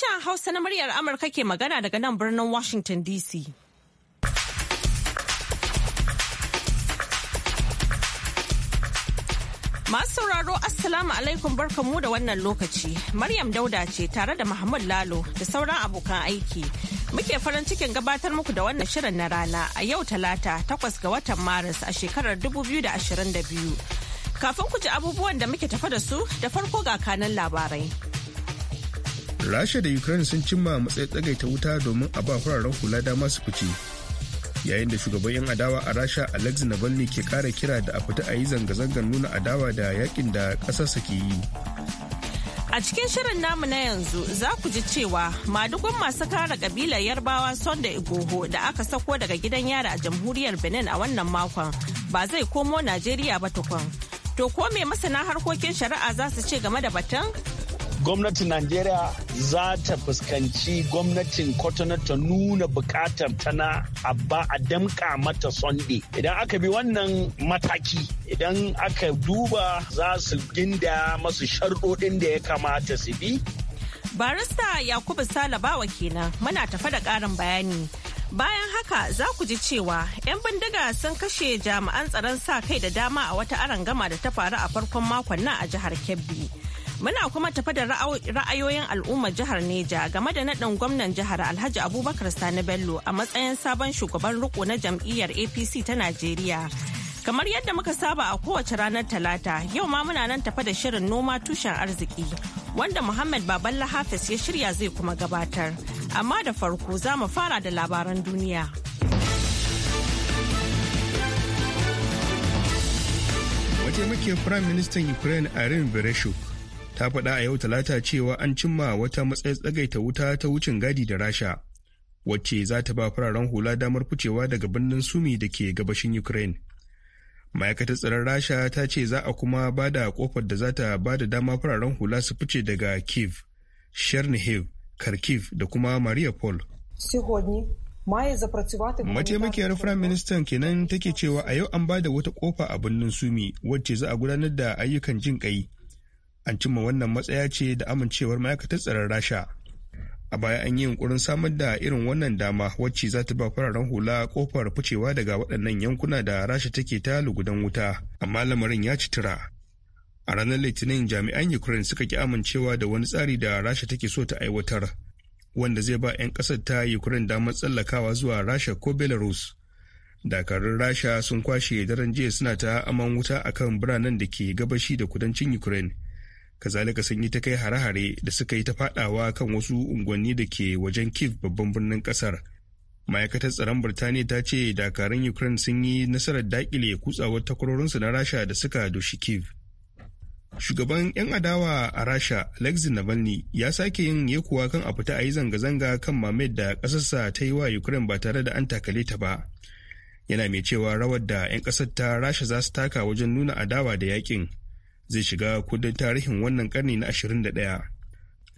Sashen Hausa na muryar Amurka ke magana daga nan birnin Washington DC. Masu sauraro Assalamu alaikum barkanmu da wannan lokaci. Maryam Dauda ce tare da Muhammad Lalo da sauran abokan aiki. Muke farin cikin gabatar muku da wannan shirin na rana a yau talata takwas ga watan Maris a shekarar 2022. Kafin ku ji abubuwan da muke tafa da su da farko ga kanan labarai. rasha da ukraine sun cimma matsayin tsagaita wuta domin a ba fararen hula da masu fice yayin da shugaban 'yan adawa a rasha alex navalny ke kara kira da a fita a yi zanga-zangar nuna adawa da yakin da ƙasarsa ke yi A cikin shirin namu na yanzu za ku ji cewa madugun masu kare kabilar yarbawa Sunday Igoho da aka sako daga gidan yara a jamhuriyar Benin a wannan makon ba zai komo Najeriya ba tukun. To ko me masana harkokin shari'a za su ce game da batun? gwamnatin najeriya za ta fuskanci gwamnatin kotona ta nuna bukatar tana abba a damka mata sonde idan aka bi wannan mataki idan aka duba za su ginda masu sharɗoɗin da ya kamata su bi barista yakubu bawa kenan muna tafa da ƙarin bayani bayan haka za ku ji cewa 'yan bindiga sun kashe jami'an tsaron sa kai da dama a wata arangama da ta faru a farkon makon nan a jihar kebbi Muna kuma tafa da ra'ayoyin al'ummar jihar Neja game da naɗin gwamnan jihar Alhaji Abubakar Sani Bello a matsayin sabon shugaban riko na jam'iyyar APC ta Najeriya. Kamar yadda muka saba a kowace ranar Talata, yau ma muna nan tafa da shirin noma tushen arziki, wanda Muhammad Baballa Hafiz ya shirya zai kuma gabatar. Amma da farko za mu fara da labaran duniya. Mataimakin Firayim Ministan Ukraine Irene Bereshuk ta faɗa a yau talata cewa an cimma wata matsayin tsagaita wuta ta wucin gadi da rasha wacce za ta ba fararen hula damar ficewa daga birnin sumi da ke gabashin ukraine ma'aikatar tsaron rasha ta ce za a kuma ba da kofar da za ta ba da dama fararen hula su fice daga kiev chernihiv kharkiv da kuma mariupol Mataimakiyar ministan kenan take cewa a yau an ba da wata kofa a birnin Sumi wacce za a gudanar da ayyukan jin ƙai. an cimma wannan matsaya ce da amincewar ma'aikatar tsaron rasha a baya an yi yunkurin samar da irin wannan dama wacce za ta ba fararen hula kofar ficewa daga waɗannan yankuna da rasha take ta lugudan wuta amma lamarin ya ci tura a ranar litinin jami'an ukraine suka ki amincewa da wani tsari da rasha take so ta aiwatar wanda zai ba 'yan ƙasar ta ukraine damar tsallakawa zuwa rasha ko belarus dakarun rasha sun kwashe daren jiya suna ta aman wuta akan biranen da ke gabashi da kudancin ukraine kazalika sun yi ta kai hare-hare da suka yi ta fadawa kan wasu unguwanni da ke wajen kif babban birnin kasar ma'aikatar tsaron birtaniya ta ce dakarun ukraine sun yi nasarar dakile kutsawar takwarorinsu na rasha da suka doshi kif shugaban 'yan adawa a rasha alexei navalny ya sake yin yekuwa kan a fita a yi zanga-zanga kan mamayar da ƙasarsa ta yi wa ukraine ba tare da an takale ta ba yana mai cewa rawar da 'yan ƙasar ta rasha za su taka wajen nuna adawa da yakin zai shiga kudin tarihin wannan karni na 21.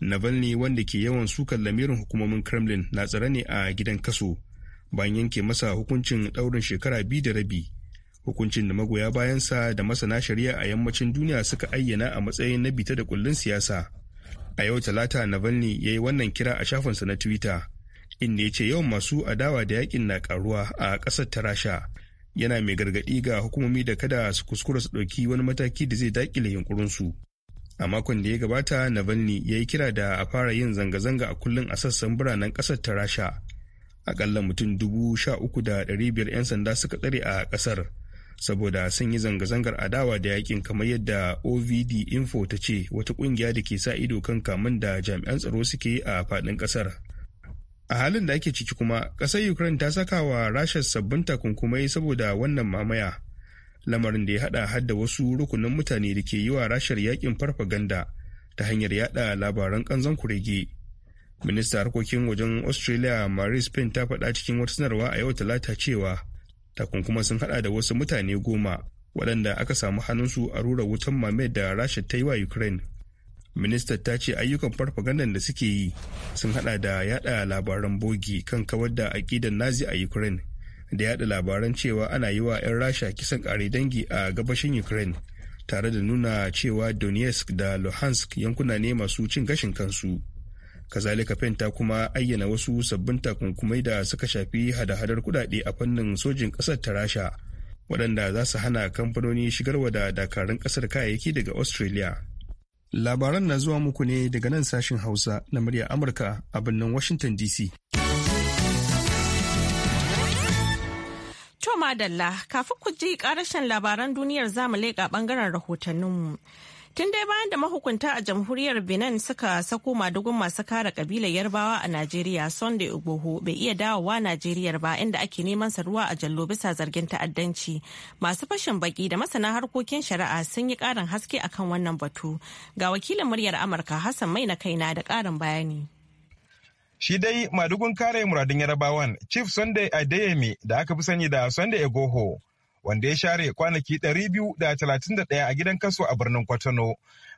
Navalny wanda ke yawan sukan lamirin hukumomin Kremlin na tsare ne a gidan kaso bayan yanke masa hukuncin ɗaurin shekara biyu da rabi. Hukuncin da magoya bayansa da masana shari'a a yammacin duniya suka ayyana a matsayin na bita da kullun siyasa. A yau talata Navalny ya yi wannan kira a shafinsa na Twitter. inda ya ce yawan masu adawa da yakin na karuwa a ƙasar ta rasha yana mai gargaɗi ga hukumomi da kada su kuskura su ɗauki wani mataki da zai dakile yunkurinsu a makon da ya gabata navalny ya yi kira da a fara yin zanga-zanga a kullum a sassan biranen ƙasar ta rasha akalla mutum dubu sha uku da ɗari biyar 'yan sanda suka tsare a ƙasar saboda sun yi zanga-zangar adawa da yakin kamar yadda ovd info ta ce wata ƙungiya da ke sa ido kan kamun da jami'an tsaro suke a faɗin ƙasar a halin da ake ciki kuma ƙasar ukraine ta saka wa rasha sabbin takunkumai saboda wannan mamaya lamarin da ya hada hadda wasu rukunin mutane da ke yi wa rashar yakin farfaganda ta hanyar yada labaran kanzon kurege minista harkokin wajen australia marie spain ta faɗa cikin wata sanarwa a yau talata cewa takunkuma sun hada da wasu mutane goma waɗanda aka samu hannunsu a rura wutan mamayar da rasha ta yi wa ukraine ministar ta ce ayyukan farfagandan da suke yi sun hada da yada labaran bogi kan kawar da aƙidan nazi a ukraine da yada labaran cewa ana yi wa 'yan rasha kisan kare dangi a gabashin ukraine tare da nuna cewa donetsk da luhansk yankuna ne masu cin gashin kansu kazalika pen ta kuma ayyana wasu sabbin takunkumai da suka shafi hada-hadar kudade a fannin sojin ƙasar ta rasha waɗanda za su hana kamfanoni shigarwa da dakarun ƙasar kayayyaki daga australia Labaran na zuwa muku ne daga nan sashin Hausa na murya Amurka a birnin Washington DC. To madalla kafin ku ji karashen labaran duniyar zamu leƙa bangaren rahotanninmu. Tun dai bayan da mahukunta a jamhuriyar Benin suka sako madugun masu kare kabilar Yarbawa a Najeriya Sunday ugboho bai iya dawowa Najeriya ba inda ake neman sa ruwa a jallo bisa zargin ta'addanci. Masu fashin baki da masana harkokin shari'a sun yi karin haske akan wannan batu. Ga wakilin muryar Amurka Hassan Mai na kaina da karin bayani. Shi dai madugun kare muradun Yarbawan Chief Sunday Adeyemi da aka fi sani da Sunday Igboho wanda ya share kwanaki 231 a gidan kaso a birnin Kwatano.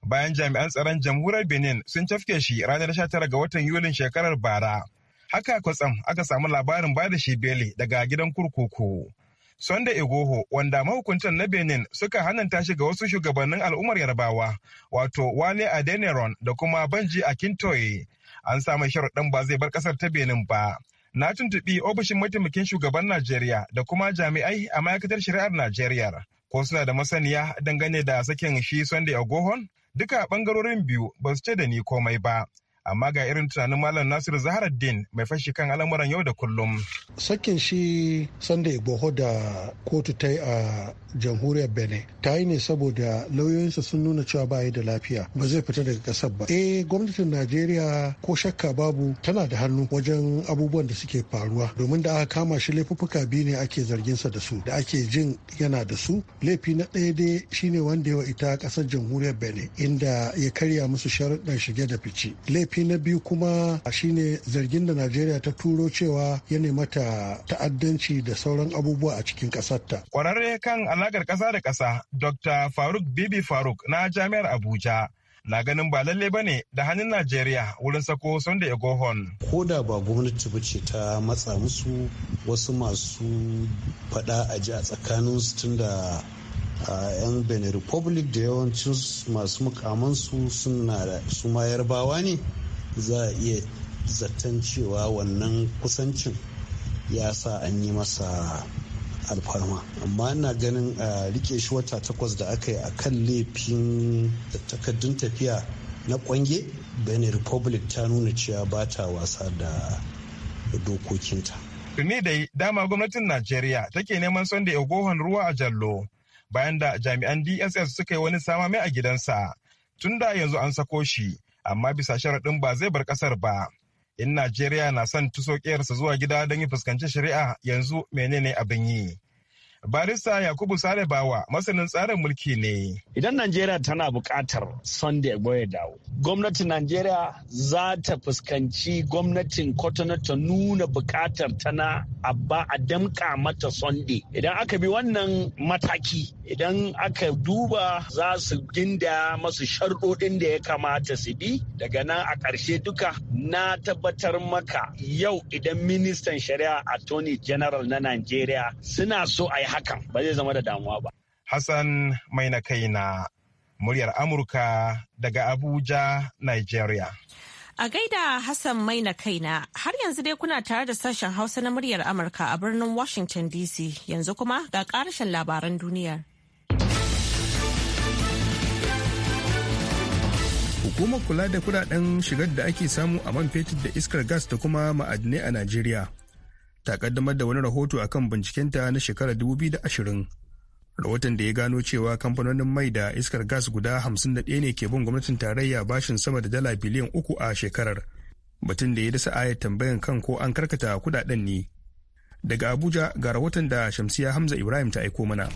Bayan jami'an tsaron jamhuriyar Benin sun cafke shi ranar 19 ga watan Yulin shekarar bara. Haka kwatsam aka samu labarin ba da shi beli daga gidan kurkuku. Sonda Egoho wanda mahukuntan na Benin suka hananta shi ga wasu shugabannin al'ummar Yarbawa wato Wale Adeneron da kuma Banji Akintoye. An samu sharuɗin ba zai bar ƙasar ta Benin ba. na tuntuɓi ofishin mataimakin shugaban Najeriya da kuma jami'ai a ma'aikatar shari'ar Najeriya. Ko suna da masaniya dangane da sakin shi Sunday Ogohon? Duka ɓangarorin biyu ba su ce da ni komai ba. amma ga irin tunanin malam nasiru din mai fashi kan al'amuran yau da kullum sakin shi sanda igboho da kotu ta yi a jamhuriyar benin ta yi ne saboda lauyoyinsa sun nuna cewa ba da lafiya ba zai fita daga kasar ba eh gwamnatin najeriya ko shakka babu tana da hannu wajen abubuwan da suke faruwa domin da aka kama shi laifuffuka biyu ne ake zarginsa da su da ake jin yana da su laifi na ɗaya dai shine wanda ya wa ita kasar jamhuriyar benin inda ya karya musu sharuɗan shige da fice laifi laifi na biyu kuma shine zargin da najeriya ta turo cewa ya mata ta'addanci da sauran abubuwa a cikin ƙasarta kwararre kan alaƙar ƙasa da ƙasa dr faruk bibi faruk na jami'ar abuja na ganin ba lalle ba ne da hannun najeriya wurin sako sunday egohon ko da ba gwamnati ba ce ta matsa musu wasu masu fada a ji a tsakanin su tun da yan benin republic da yawancin masu mukamansu suna su ma yarbawa ne za a iya zaton cewa wannan kusancin ya sa an yi masa alfarma amma ina ganin a rike shi wata takwas da aka yi a kan laifin takardun tafiya na kwange benin republic ta nuna cewa ba ta wasa da dokokinta tuni dai dama gwamnatin najeriya take neman son da ogohon ruwa a jallo bayan da jami'an dss suka yi wani sama mai a gidansa tun da yanzu an sako shi amma bisa sharaɗin ba zai bar ƙasar ba. In Najeriya na son tuso zuwa gida don yi fuskanci shari'a yanzu menene abin yi. Barista Yakubu Sarebawa Bawa masanin tsarin mulki ne. Idan Najeriya tana buƙatar Sunday Igbo dawo, gwamnatin Najeriya za ta fuskanci gwamnatin Kotono ta nuna buƙatar tana abba a damƙa mata Sunday. Idan aka bi wannan mataki, idan aka duba za su ginda masu sharɗoɗin da ya kamata su bi daga nan a ƙarshe duka na tabbatar maka yau idan ministan shari'a attorney general na Najeriya suna so a yi hakan ba zai zama da damuwa ba. Hassan mai na kai muryar Amurka daga Abuja, Nigeria. A gaida Hassan mai na kaina har yanzu dai kuna tare da sashen Hausa na muryar Amurka a birnin Washington DC yanzu kuma ga ƙarshen labaran duniyar. hukumar kula da kudaden shigar da ake samu a man fetur da iskar gas da kuma ma'adinai a Najeriya ta kaddamar da wani rahoto akan bincikenta na shekarar 2020 rahoton da ya gano cewa kamfanonin mai da iskar gas guda 51 ne ke bin gwamnatin tarayya bashin sama da dala biliyan uku a shekarar batun da ya dasa ya tambayan kan ko an karkata kudaden ne daga abuja ga rahoton da shamsiya hamza ibrahim ta aiko mana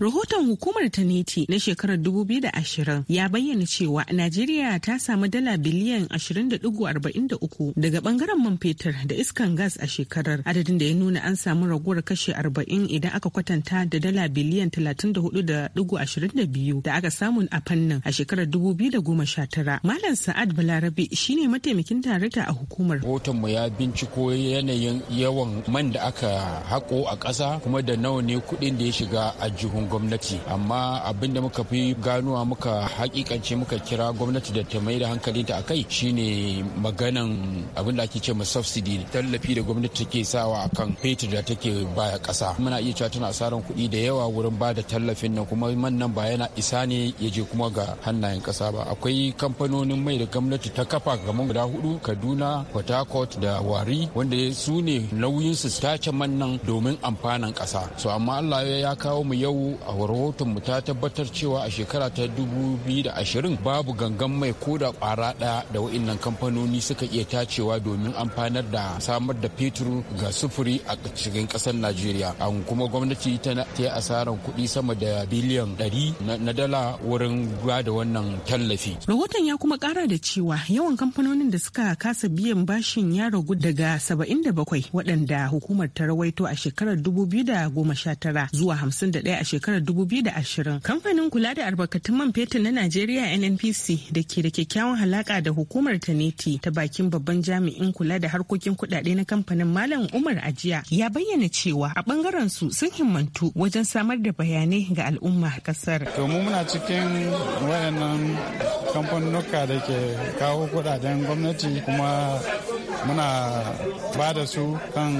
Rahoton hukumar ta neti na shekarar 2020 ya bayyana cewa Najeriya ta samu dala biliyan 20.43 daga bangaren man fetur da iskan gas a shekarar adadin da ya nuna an samu raguwar kashe 40 idan aka kwatanta da dala biliyan 34.22 da aka samu a fannin a shekarar 2019. Malam Sa'ad Balarabe shine mataimakin darakta a hukumar. Rahoton mu ya binciko yanayin yawan man da aka haƙo a ƙasa kuma da nawa ne kuɗin da ya shiga a jihun gwamnati amma abin da muka fi ganuwa muka hakikance muka kira gwamnati da ta mai da ta akai shine maganan abin da ake ce ma subsidy tallafi da gwamnati take sawa akan fetur da take baya kasa muna iya cewa tana asaran kuɗi da yawa wurin ba da tallafin nan kuma man nan ba yana isa ne ya je kuma ga hannayen kasa ba akwai kamfanonin mai da gwamnati ta kafa gaman guda hudu kaduna port harcourt da wari wanda su ne nauyin su tace man nan domin amfanin kasa so amma allah ya kawo mu yau a rahoton mu ta tabbatar cewa a shekara ta 2020 babu gangan mai koda kwara ɗaya da waɗannan kamfanoni suka iya tacewa domin amfanar da samar da fetur ga sufuri a cikin kasar Najeriya. An kuma gwamnati ta yi asarar kuɗi sama da biliyan 100 na dala wurin ba da wannan tallafi. Rahoton ya kuma ƙara da cewa yawan kamfanonin da suka kasa biyan bashin ya ragu daga 77 waɗanda hukumar ta rawaito a shekarar 2019 zuwa 51 a shekarar shekarar 2020 kamfanin kula da albarkatun man fetur na najeriya nnpc da ke da kyakkyawan halaka da hukumar taneti ta bakin babban jami'in kula da harkokin kudade na kamfanin malam umar ajiya ya bayyana cewa a bangaren su sun himmantu wajen samar da bayanai ga al'umma kasar to mu muna cikin wayannan kamfanonuka da ke kawo kudaden gwamnati kuma muna ba da su kan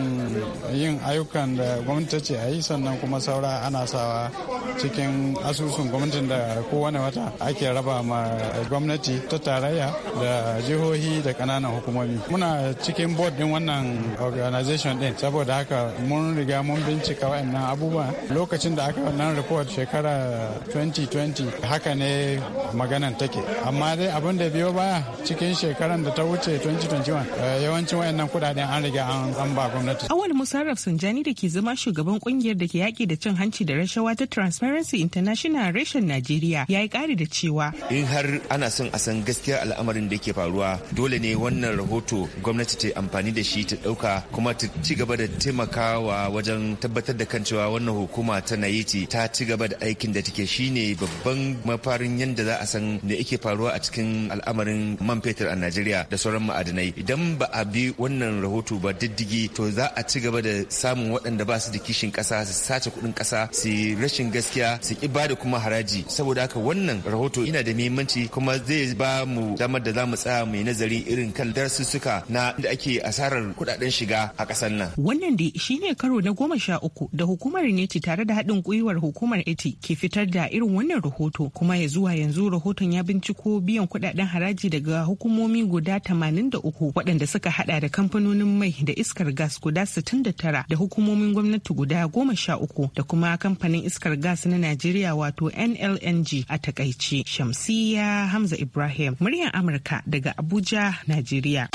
yin ayyukan da gwamnati ce a yi sannan kuma saura ana sawa cikin asusun gwamnatin da kowane wata ake raba ma gwamnati ta tarayya da jihohi da kananan hukumomi muna cikin board din wannan organization din saboda haka mun riga mun bincika wa'annan abubuwa lokacin da aka wannan report shekara 2020 haka ne maganan take amma dai abin da biyo baya cikin shekaran da ta wuce 2021 yawancin wayannan kudaden an an ba gwamnati. Awal Musarraf Sunjani da ke zama shugaban kungiyar da ke yaƙi da cin hanci da rashawa ta Transparency International reshen Najeriya ya yi kare da cewa. In har ana son a san gaskiyar al'amarin da ke faruwa dole ne wannan rahoto gwamnati ta amfani da shi ta ɗauka kuma ta ci gaba da taimakawa wajen tabbatar da kan cewa wannan hukuma ta Naiti ta ci gaba da aikin da take shine babban mafarin yadda za a san da yake faruwa a cikin al'amarin man fetur a Najeriya da sauran ma'adanai idan ba a a bi wannan rahoto ba diddigi to za a ci gaba da samun waɗanda ba su da kishin ƙasa su sace kuɗin ƙasa su rashin gaskiya su ki da kuma haraji saboda haka wannan rahoto yana da muhimmanci kuma zai ba mu damar da za mu tsaya mai nazari irin kan darussuka na da ake asarar kuɗaɗen shiga a ƙasar nan. Wannan dai shine karo na goma sha uku da hukumar neti tare da haɗin gwiwar hukumar eti ke fitar da irin wannan rahoto kuma ya zuwa yanzu rahoton ya binciko biyan kuɗaɗen haraji daga hukumomi guda tamanin da uku waɗanda suka hada da kamfanonin mai da iskar gas guda 69 da hukumomin gwamnati guda 13 da kuma kamfanin iskar gas na Najeriya wato NLNG a takaice. Shamsiya Hamza Ibrahim, muryar Amurka daga Abuja, Najeriya.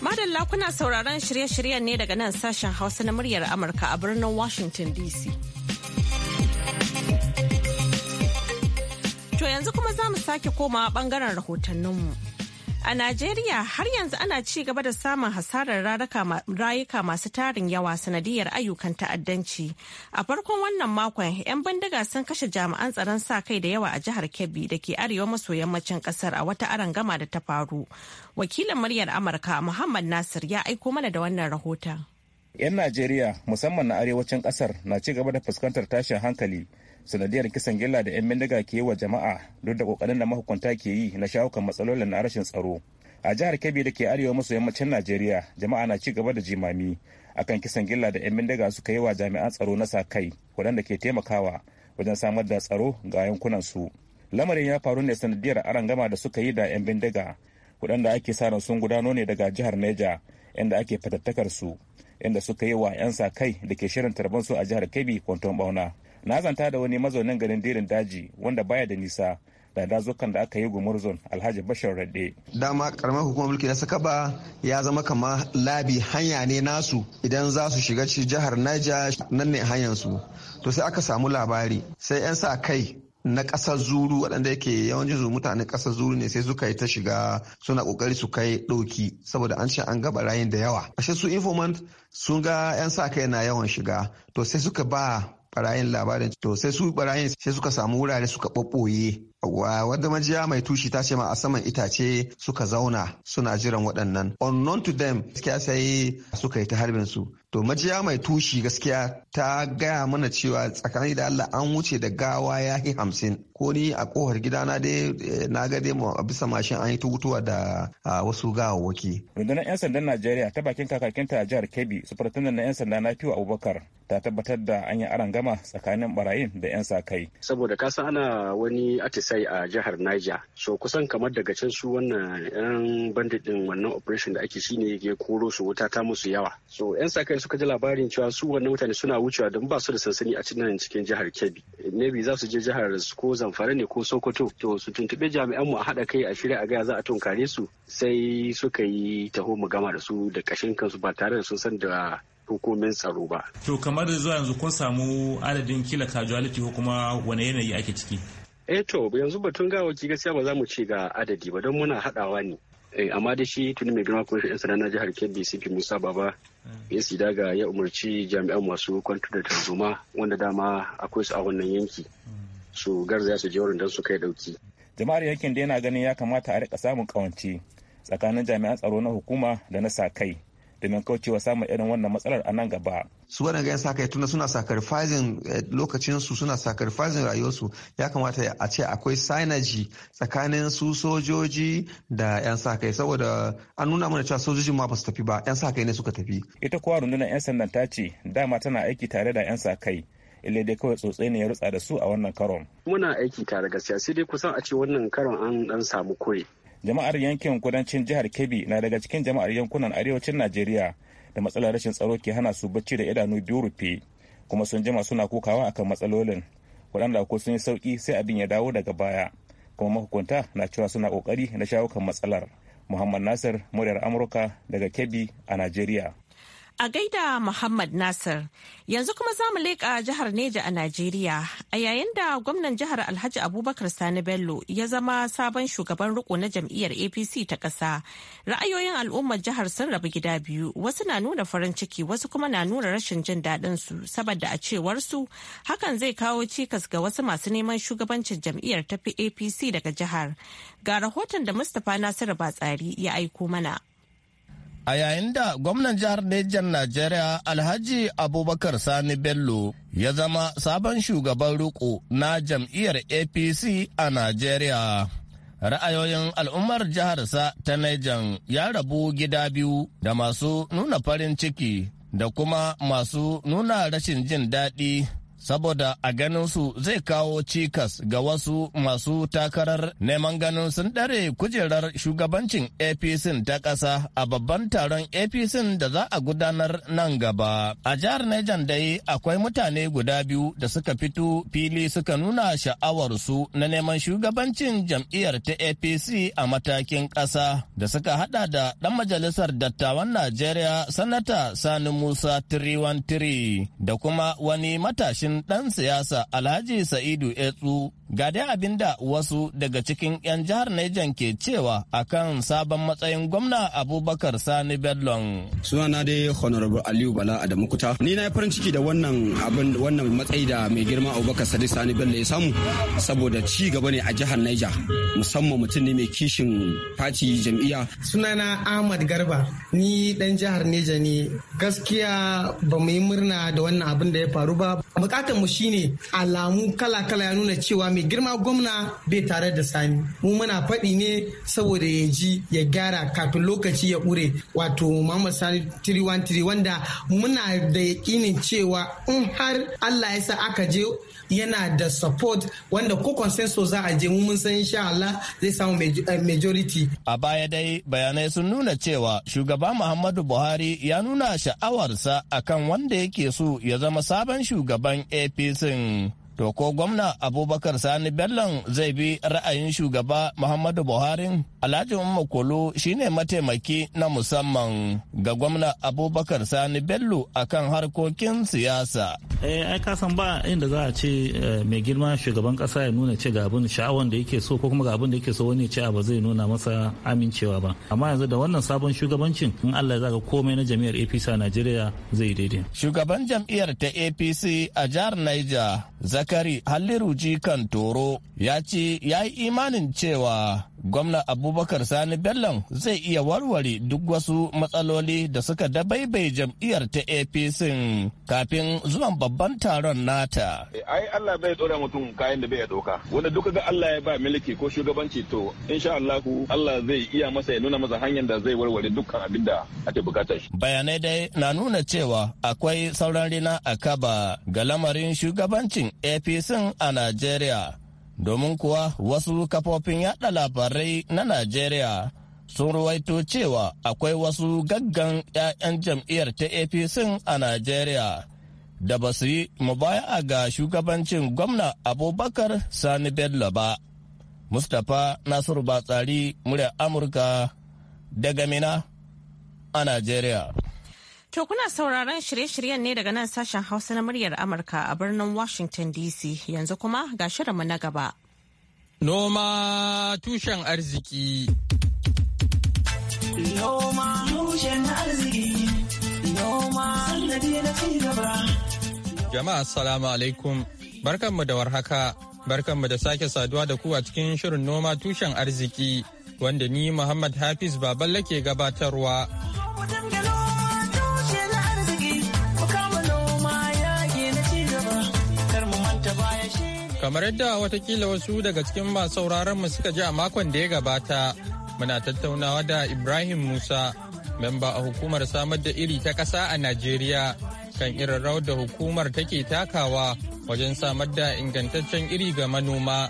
Madalla kuna sauraron shirye-shiryen ne daga nan sashen Hausa na muryar Amurka a birnin Washington DC. To yanzu kuma za mu sake komawa bangaren rahotanninmu. A Najeriya har yanzu ana ci gaba da samun hasarar rayuka masu tarin yawa sanadiyar ayyukan ta'addanci. A farkon wannan makon 'yan bindiga sun kashe jami'an tsaron sa kai da yawa a jihar Kebbi da ke arewa maso yammacin kasar a wata gama da ta faru. Wakilin muryar Amurka Muhammad Nasir ya aiko mana da wannan rahoton. 'Yan Najeriya musamman na arewacin kasar na ci gaba da fuskantar tashin hankali sanadiyar kisan gilla da 'yan bindiga ke yi wa jama'a duk da kokarin da mahukunta ke yi na shawo kan matsalolin na rashin tsaro a jihar kebbi da ke arewa maso yammacin najeriya jama'a na ci gaba da jimami akan kisan gilla da 'yan bindiga suka yi wa jami'an tsaro na sa kai waɗanda ke taimakawa wajen samar da tsaro ga yankunan su lamarin ya faru ne sanadiyar arangama da suka yi da 'yan bindiga waɗanda ake sa ran sun gudano ne daga jihar neja inda ake fatattakar su inda suka yi wa 'yan sa kai da ke shirin tarban su a jihar kebbi kwanton bauna na zanta da wani mazaunin garin dirin daji wanda baya da nisa da dazukan da aka yi gumurzon alhaji bashar radde dama karamar hukumar mulki na sakaba ya zama kama labi hanya ne nasu idan za su shiga jihar naija nan ne hanyarsu to sai aka samu labari sai yan sa kai na kasar zuru waɗanda yake yawancin zuwa mutanen kasar zuru ne sai suka yi ta shiga suna ƙoƙari su kai ɗauki saboda an ce an gaba rayin da yawa ashe su informant sun ga 'yan sa kai na yawan shiga to sai suka ba barayin labarin to sai su barayin sai suka samu wurare suka ɓaɓɓoye wadda majiya mai tushi ta ce ma a saman itace suka zauna suna jiran waɗannan unknown to them gaskiya sai suka yi ta harbin su to majiya mai tushi gaskiya ta gaya mana cewa tsakanin da allah an wuce da gawa ya yi hamsin ko ni a kohar gidana dai eh, na ga dai a bisa mashin an yi tutuwa da wasu gawawwaki. rundunar 'yan sandan najeriya ta bakin kakakinta a jihar kebbi sufartunan na 'yan sanda na fiwa abubakar ta tabbatar da an yi arangama tsakanin barayin da 'yan sa kai. saboda ka san ana wani atisai a jihar niger so kusan kamar daga can su wannan 'yan bandit din wannan operation da ake shine ya koro su wuta ta musu yawa so 'yan sa kai suka ji labarin cewa su wannan mutane suna wucewa don ba su da sansani a cikin cikin jihar Kebbi. Maybe za su je jihar ko Zamfara ne ko Sokoto to su tuntuɓe jami'an mu a haɗa kai a shirya a gaya za a tunkare su sai suka yi taho mu gama da su da kashin kansu ba tare da sun san da hukumin tsaro ba. To kamar da zuwa yanzu kun samu adadin kila casualty ko kuma wani yanayi ake ciki? Eh to yanzu batun gawaki gaskiya ba za mu ci ga adadi ba don muna haɗawa ne. Eh, amma da shi tuni mai girma kuma 'yan sanda na jihar kebbi cp musa baba mm. ya si daga ya umarci jami'an masu kwantu da tarzoma wanda dama akwai su a wannan yanki mm. su ya su je wurin don su kai dauki jama'ar yankin da yana ganin ya kamata a rika samun kawance tsakanin jami'an tsaro na hukuma da na sa kai domin kaucewa samun irin wannan matsalar a nan gaba. su waɗanda sa-kai tunda suna sacrificing eh, lokacin su suna sacrificing rayuwarsu ya kamata a ce akwai synergy tsakanin su sojoji da yan kai saboda an nuna mana cewa sojojin ma ba su tafi ba yan kai ne suka tafi ita kuwa rundunar yan sandan ta ce dama tana aiki tare da yan kai ile dai kawai tsotsai ne ya rutsa da su a wannan karon. Muna aiki tare gaskiya sai dai kusan a ce wannan karon an dan samu koyi jama'ar yankin kudancin jihar kebbi na daga cikin jama'ar yankunan arewacin najeriya da matsalar rashin tsaro ke hana su bacci da idanu biyu rufe kuma sun jima suna kokawa akan matsalolin waɗanda ko sun yi sauki sai abin ya dawo daga baya kuma mahukunta na cewa suna kokari na shawo kan matsalar muhammad nasir muryar amurka daga kebbi a najeriya A gaida Muhammad Nasir, yanzu kuma za mu leƙa jihar Neja a Najeriya, a yayin da gwamnan jihar Alhaji Abubakar Sani Bello ya zama sabon shugaban riko na jam'iyyar APC ta ƙasa. Ra'ayoyin al'ummar jihar sun rabu gida biyu, wasu na nuna farin ciki, wasu kuma na nuna rashin jin daɗin su, saboda a cewar su hakan zai kawo cikas ga wasu masu neman shugabancin jam'iyyar ta APC daga jihar. Ga rahoton da Mustapha Nasiru Batsari ya aiko mana. a yayin da gwamnan jihar Nijar Najeriya Alhaji Abubakar Sani Bello ya zama sabon shugaban riko na jam'iyyar APC a Najeriya. Ra'ayoyin al'ummar Jihar Sa ta Nijar ya rabu gida biyu da masu nuna farin ciki da kuma masu nuna rashin jin daɗi saboda a ganin su zai kawo cikas ga wasu masu takarar neman ganin sun dare kujerar shugabancin apc ta ƙasa a babban taron apc da za a gudanar nan gaba a jihar niger dai akwai mutane guda biyu da suka fito fili suka nuna sha'awarsu na neman shugabancin jam'iyyar ta apc a matakin ƙasa da suka hada da ɗan majalisar dattawan najeriya sanata sani musa 313 da kuma wani matashin dan ɗan siyasa Alhaji Sa'idu Etsu Ga dai abin da wasu daga cikin 'yan jihar Niger ke cewa akan sabon matsayin gwamna Abubakar Sani Bello. Sunana dai Honorable Aliyu Bala Adamu Kuta. Ni na yi farin ciki da wannan abin wannan matsayi da mai girma Abubakar Sadi Sani Bello ya samu saboda ci gaba ne a jihar Niger musamman mutum ne mai kishin faci jam'iyya. Sunana Ahmad Garba ni dan jihar Niger ne gaskiya ba mu yi murna da wannan abin da ya faru ba. Bukatar mu shine alamu kala-kala ya nuna cewa mai girma gwamna bai tare da sani mu muna faɗi ne saboda ya ji ya gyara kafin lokaci ya ƙure wato Muhammad Sani 313 wanda muna da yaƙinin cewa in har Allah ya sa aka je yana da support wanda ko consensus za a je mu mun san insha Allah zai samu eh, majority a baya dai bayanai sun nuna cewa shugaba Muhammadu Buhari ya nuna sha'awarsa akan wanda yake so ya zama sabon shugaban APC To ko gwamna Abubakar Sani Bello zai bi ra'ayin shugaba Muhammadu Buhari? Alhaji Umma Kolo shine mataimaki na musamman ga gwamna Abubakar Sani Bello akan harkokin siyasa. Eh ai ka ba inda za a ce eh, mai girma shugaban kasa ya nuna ce ga abin sha'awan da yake so ko kuma ga abin da yake so wani ce ba zai nuna masa amincewa ba. Amma yanzu da wannan sabon shugabancin in Allah ya zaga komai na jami'ar APC a Najeriya zai daidai. Shugaban jam'iyyar ta APC a jihar Niger zakari halliruji kan toro ya ce ya yi imanin cewa gwamna abubakar sani bello zai iya warware duk wasu matsaloli da suka dabaibai jam'iyyar ta apc kafin zuwan babban taron nata ai allah bai dora mutum kayan da bai ya doka wanda duka ga allah ya ba miliki ko shugabanci to insha allahu allah zai iya masa ya nuna masa hanyar da zai warware dukkan abin da ake bukatar shi bayanai dai na nuna cewa akwai sauran rina a kaba ga lamarin shugabancin apc APC a Najeriya. Domin kuwa wasu kafofin yada labarai na Najeriya sun ruwaito cewa akwai wasu gaggan 'ya'yan jam'iyyar ta APC a Najeriya da ba su yi mubaya ga shugabancin gwamna Abubakar Sani Bello ba. Mustapha Nasiru Batsari, murya Amurka daga Mina a Najeriya. To kuna sauraron shirye-shiryen ne daga nan sashen Hausa na muryar Amurka a birnin Washington DC yanzu kuma ga shirinmu na gaba. Noma tushen arziki. Noma tushen arziki. Noma Jama'a salamu alaikum. Barkanmu da warhaka. Barkanmu da sake saduwa da ku a cikin shirin noma tushen arziki wanda ni Muhammad Hafiz Baballe ke gabatarwa. Kamar yadda watakila wasu daga cikin masu sauraron mu suka ji a makon da ya gabata, muna tattaunawa da Ibrahim Musa, memba a hukumar samar da iri ta ƙasa a Najeriya, kan irin rawar da hukumar take takawa wajen samar da ingantaccen iri ga manoma,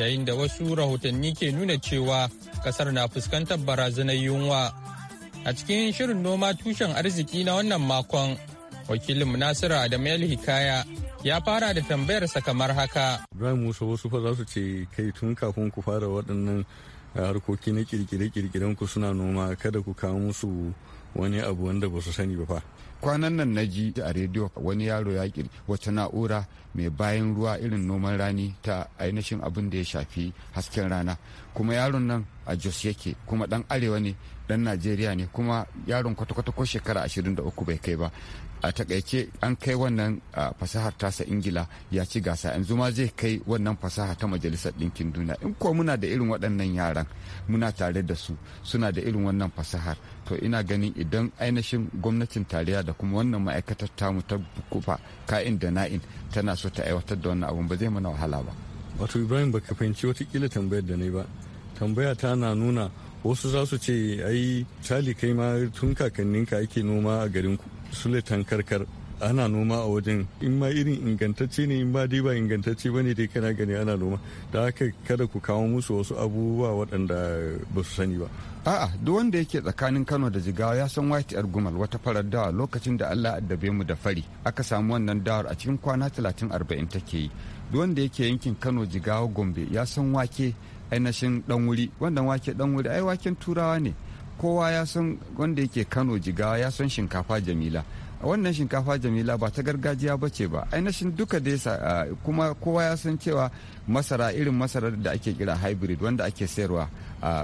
yayin da wasu rahotanni ke nuna cewa ƙasar na fuskantar barazanar yunwa. A cikin shirin noma tushen arziki na wannan makon, wakilin Nasiru Adamu Hikaya ya fara da tambayarsa kamar haka. Ibrahim Musa wasu fa za su ce kai tun kafin ku fara waɗannan eh, harkoki na kirkire-kirkiren ku suna noma kada ku kawo musu wani abu wanda ba su sani ba fa. Kwanan nan na ji a rediyo wani yaro ya kiri wata na'ura mai bayan ruwa irin noman rani ta ainihin abin da ya shafi hasken rana. Kuma yaron nan a Jos yake kuma dan arewa ne dan Najeriya ne kuma yaron kwata-kwata ko shekara 23 bai kai ba. a takaice an kai wannan fasahar tasa ingila ya ci gasa yanzu ma zai kai wannan fasaha ta majalisar ɗinkin duniya in ko muna da irin waɗannan yaran muna tare da su suna da irin wannan fasahar to ina ganin idan ainihin gwamnatin tarayya da kuma wannan ma'aikatar tamu ta kufa ka'in da na'in tana so ta aiwatar da wannan abun ba zai mana wahala ba wato ibrahim baka fahimci watakila tambayar da ne ba tambaya ta na nuna wasu za su ce ai misali kai ma tun kakanninka ake noma a garin sule karkar ana noma a wajen in ma irin ingantacce ne in ba dai ba ingantacce ba ne dai kana gani ana noma da haka kada ku kawo musu wasu abubuwa waɗanda ba su sani ba a'a duk wanda yake tsakanin kano da jigawa ya san white argumal wata farar dawa lokacin da allah addabe mu da fari aka samu wannan dawar a cikin kwana 30 arba'in take yi duk wanda yake yankin kano jigawa gombe ya san wake ainihin dan wuri wannan wake dan wuri ai waken turawa ne kowa ya san wanda yake kano jigawa ya san shinkafa jamila wannan shinkafa jamila ba ta gargajiya ba ce ba ainihin duka dai kuma kowa ya san cewa masara irin masarar da ake kira hybrid wanda ake sayarwa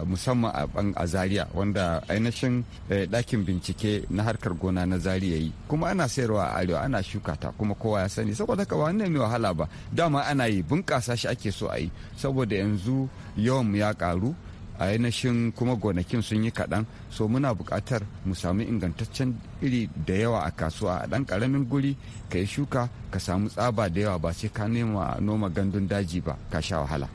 musamman a zaria wanda ainihin dakin eh, bincike na harkar gona na zaria yi kuma ana sayarwa a arewa ana shuka ta kuma kowa ya sani saboda haka wannan ne wahala ba dama ana yi bunƙasa shi ake so a yi saboda yanzu yawan ya ƙaru ainihin kuma gonakin sun yi kaɗan so muna buƙatar mu samu ingantaccen iri da yawa a kasuwa a ɗan ƙaramin guri ka yi shuka ka samu tsaba da yawa ba sai ka nema noma gandun daji ba ka sha wahala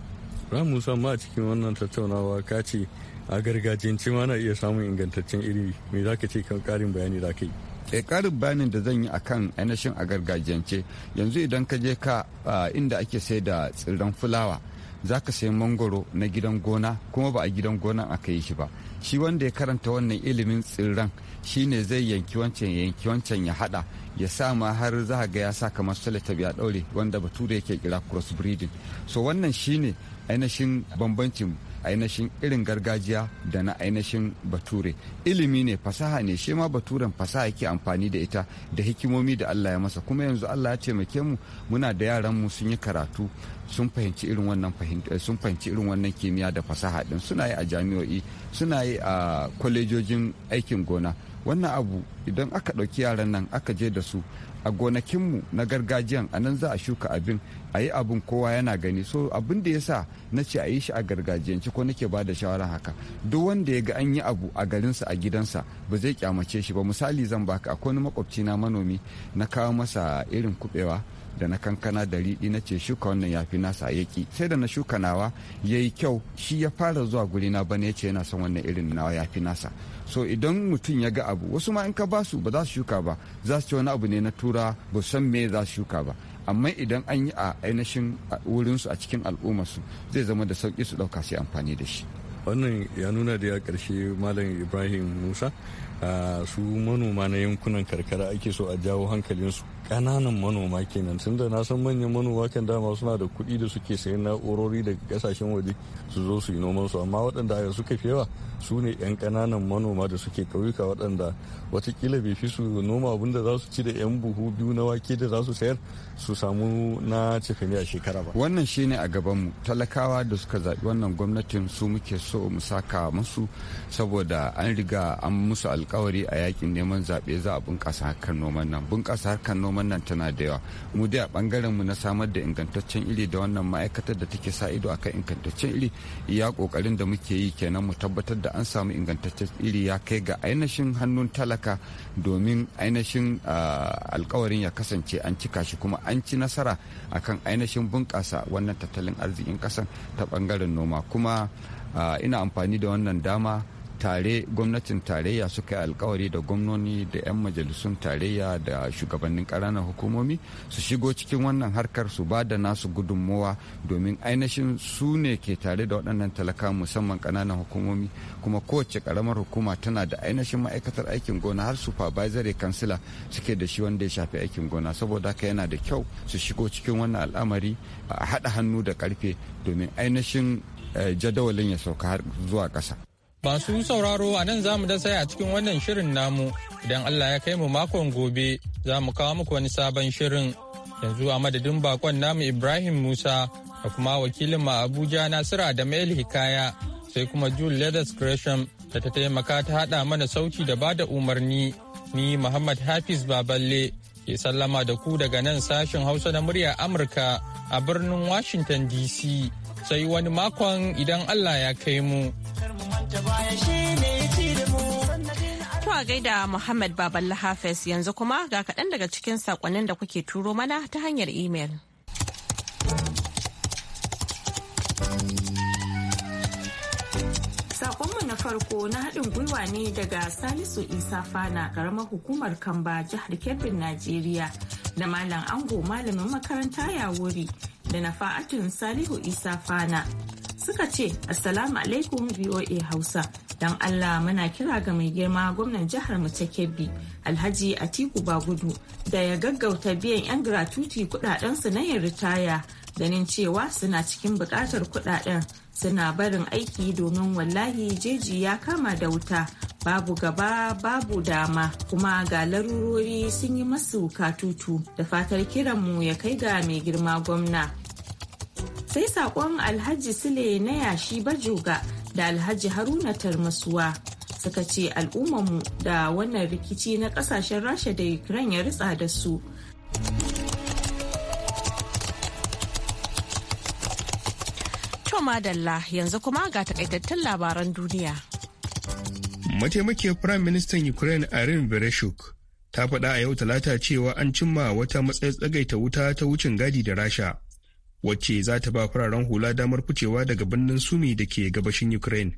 ramu musamman a cikin wannan tattaunawa ka ce a gargajiyance ma na iya samun ingantaccen iri me za ka ce kan ƙarin bayani za ka yi eh, ƙarin karin bayanin da zan yi a akan ainihin a gargajiyance yanzu idan ka je ka inda ake sai da tsirran fulawa za ka sayi mangoro na gidan gona kuma ba a gidan gona aka yi shi ba shi wanda ya karanta wannan ilimin tsirran shine zai yanki wancan yanki wancan ya hada ya sa ma har za ga ya sa kamar ta ya daure wanda bature yake kira cross breeding so wannan shine ainihin bambancin ainihin irin gargajiya da na ainihin bature ilimi ne fasaha ne shi ma baturen fasaha yake amfani da ita da hikimomi da allah ya masa kuma yanzu allah ya taimake mu muna da yaran mu sun yi karatu sun fahimci irin wannan sun fahimci irin wannan kimiyya da fasaha din suna yi a jami'o'i suna yi a kwalejojin aikin gona wannan abu idan aka ɗauki yaran nan aka je da su a gonakinmu na gargajiyan a nan za a shuka abin a yi abin kowa yana gani so abin da ya sa na ce a yi shi a gargajiyanci ko nake ba da shawara haka duk wanda ya ga an yi abu a garinsa a gidansa ba zai kyamace shi ba misali zan baka akwai wani makwabci na manomi na kawo masa irin kubewa da na kankana da riɗi na ce shuka wannan ya fi nasa yaki sai da na shuka nawa ya yi kyau shi ya fara zuwa guri na bane ya ce yana son wannan irin nawa ya fi nasa so idan mutum ya ga abu wasu ma in ka ba su ba za su shuka ba za su ci wani abu ne na tura ba san me za su shuka ba amma idan an yi a ainihin wurinsu a cikin al'ummarsu zai zama da sauki su ɗauka sai amfani da shi wannan ya nuna da ya ƙarshe malam ibrahim musa su manoma na yankunan karkara ake so a jawo hankalinsu kananan manoma kenan tun da na san manyan manoma kan dama suna da kuɗi da suke sayan na'urori daga kasashen waje su zo su yi noman su amma waɗanda aka suka yawa su ne 'yan kananan manoma da suke ƙauyuka waɗanda watakila bai fi su noma abin da za su ci da 'yan buhu biyu na wake da za su sayar su samu na cefani a shekara ba. Wannan shi ne a mu talakawa da suka zaɓi wannan gwamnatin su muke so mu saka musu saboda an riga an musu alkawari a yakin neman zaɓe za a bunƙasa harkar noman nan bunƙasa harkar noman noman nan tana da yawa mu dai a bangaren mu na samar da ingantaccen iri da wannan ma'aikatar da take sa ido akan ingantaccen iri ya kokarin da muke yi kenan mu tabbatar da an samu ingantaccen iri ya kai ga ainihin hannun talaka domin ainihin ah, alkawarin ya kasance an cika shi kuma an ci nasara akan ainihin bunƙasa wannan tattalin arzikin ƙasan ta bangaren noma kuma ah, ina amfani da wannan dama tare gwamnatin tarayya suka yi alkawari da gwamnoni da 'yan majalisun tarayya da shugabannin ƙananan hukumomi su shigo cikin wannan harkar su ba da nasu gudunmowa domin ainihin su ne ke tare da waɗannan talaka musamman ƙananan hukumomi kuma kowace ƙaramar hukuma tana da ainihin ma'aikatar aikin gona har supervisory kansila suke da shi wanda ya shafi aikin gona saboda haka yana da kyau su shigo cikin wannan al'amari a haɗa hannu da ƙarfe domin ainihin eh, jadawalin ya sauka har zuwa ƙasa. Masu sauraro a nan zamu mu sai a cikin wannan shirin namu idan Allah ya kai mu makon gobe za mu kawo muku wani sabon shirin yanzu a madadin bakon namu Ibrahim Musa da kuma wakilin ma Abuja Nasira da Mail Hikaya sai kuma Jule Leathers Gresham da ta taimaka ta haɗa mana sauti da bada umarni ni Muhammad Hafiz Baballe ke sallama da ku daga nan sashen Hausa na murya Amurka a birnin Washington DC sai wani makon idan Allah ya kai mu. a gaida Muhammad Baballa Hafiz yanzu kuma ga kaɗan daga cikin saƙonnin da kuke turo mana ta hanyar imel. saƙonmu na farko na haɗin gwiwa ne daga Salisu Isa Fana, ƙaramar hukumar Kamba, jihar Kebbin, Najeriya, da Malam Ango, malamin makaranta Yawuri, da na Nafa'atun Salihu Isa Fana. suka ce assalamu alaikum voa hausa don allah muna kira ga mai girma gwamnan jihar mu ta kebbi alhaji atiku bagudu da ya gaggauta biyan yan gratuti kudadensu na yin ritaya ganin cewa suna cikin bukatar kudaden suna barin aiki domin wallahi jeji ya kama da wuta babu gaba babu dama kuma ga larurori sun yi masu katutu da fatar kiranmu ya kai ga mai girma gwamna sai sakon alhaji sile na yashi bajoga da alhaji haruna tarmasuwa suka ce al'ummanmu da wannan rikici na kasashen rasha da ukraine ya ritsa da su to madalla yanzu kuma ga takaitattun labaran duniya mataimakiyar prime ministan ukraine irene bereshuk ta faɗa a yau talata cewa an cimma wata matsayin tsagaita wuta ta wucin gadi da rasha wacce za ta ba fararen hula damar ficewa daga birnin sumi da ke gabashin ukraine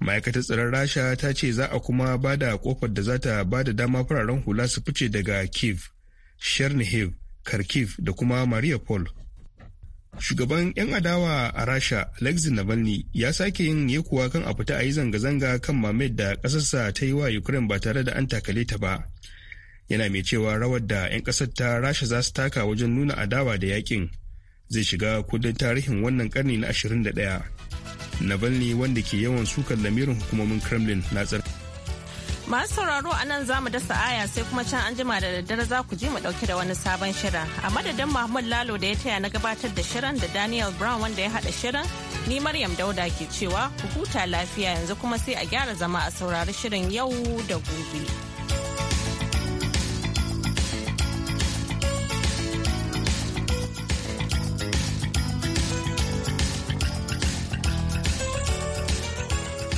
ma'aikatar tsaron rasha ta ce za a kuma ba da kofar da za ta ba da dama fararen hula su fice daga kiev chernihiv kharkiv da kuma mariupol shugaban 'yan adawa a rasha alexei navalny ya sake yin yekuwa kan a fita a yi zanga-zanga kan mamed da ƙasarsa ta yi wa ukraine ba tare da an takale ta ba yana mai cewa rawar da 'yan ƙasar ta rasha za su taka wajen nuna adawa da yakin zai shiga kundin tarihin wannan karni na 21 navalny wanda ke yawan sukan lamirin hukumomin kremlin na tsar masu sauraro a nan za mu dasa aya sai kuma can an jima da daddare za ku ji mu dauke da wani sabon shirin a madadin mahmud lalo da ya taya na gabatar da shirin da daniel brown wanda ya hada shirin ni maryam dauda ke cewa ku huta lafiya yanzu kuma sai a gyara zama a saurari shirin yau da gobe.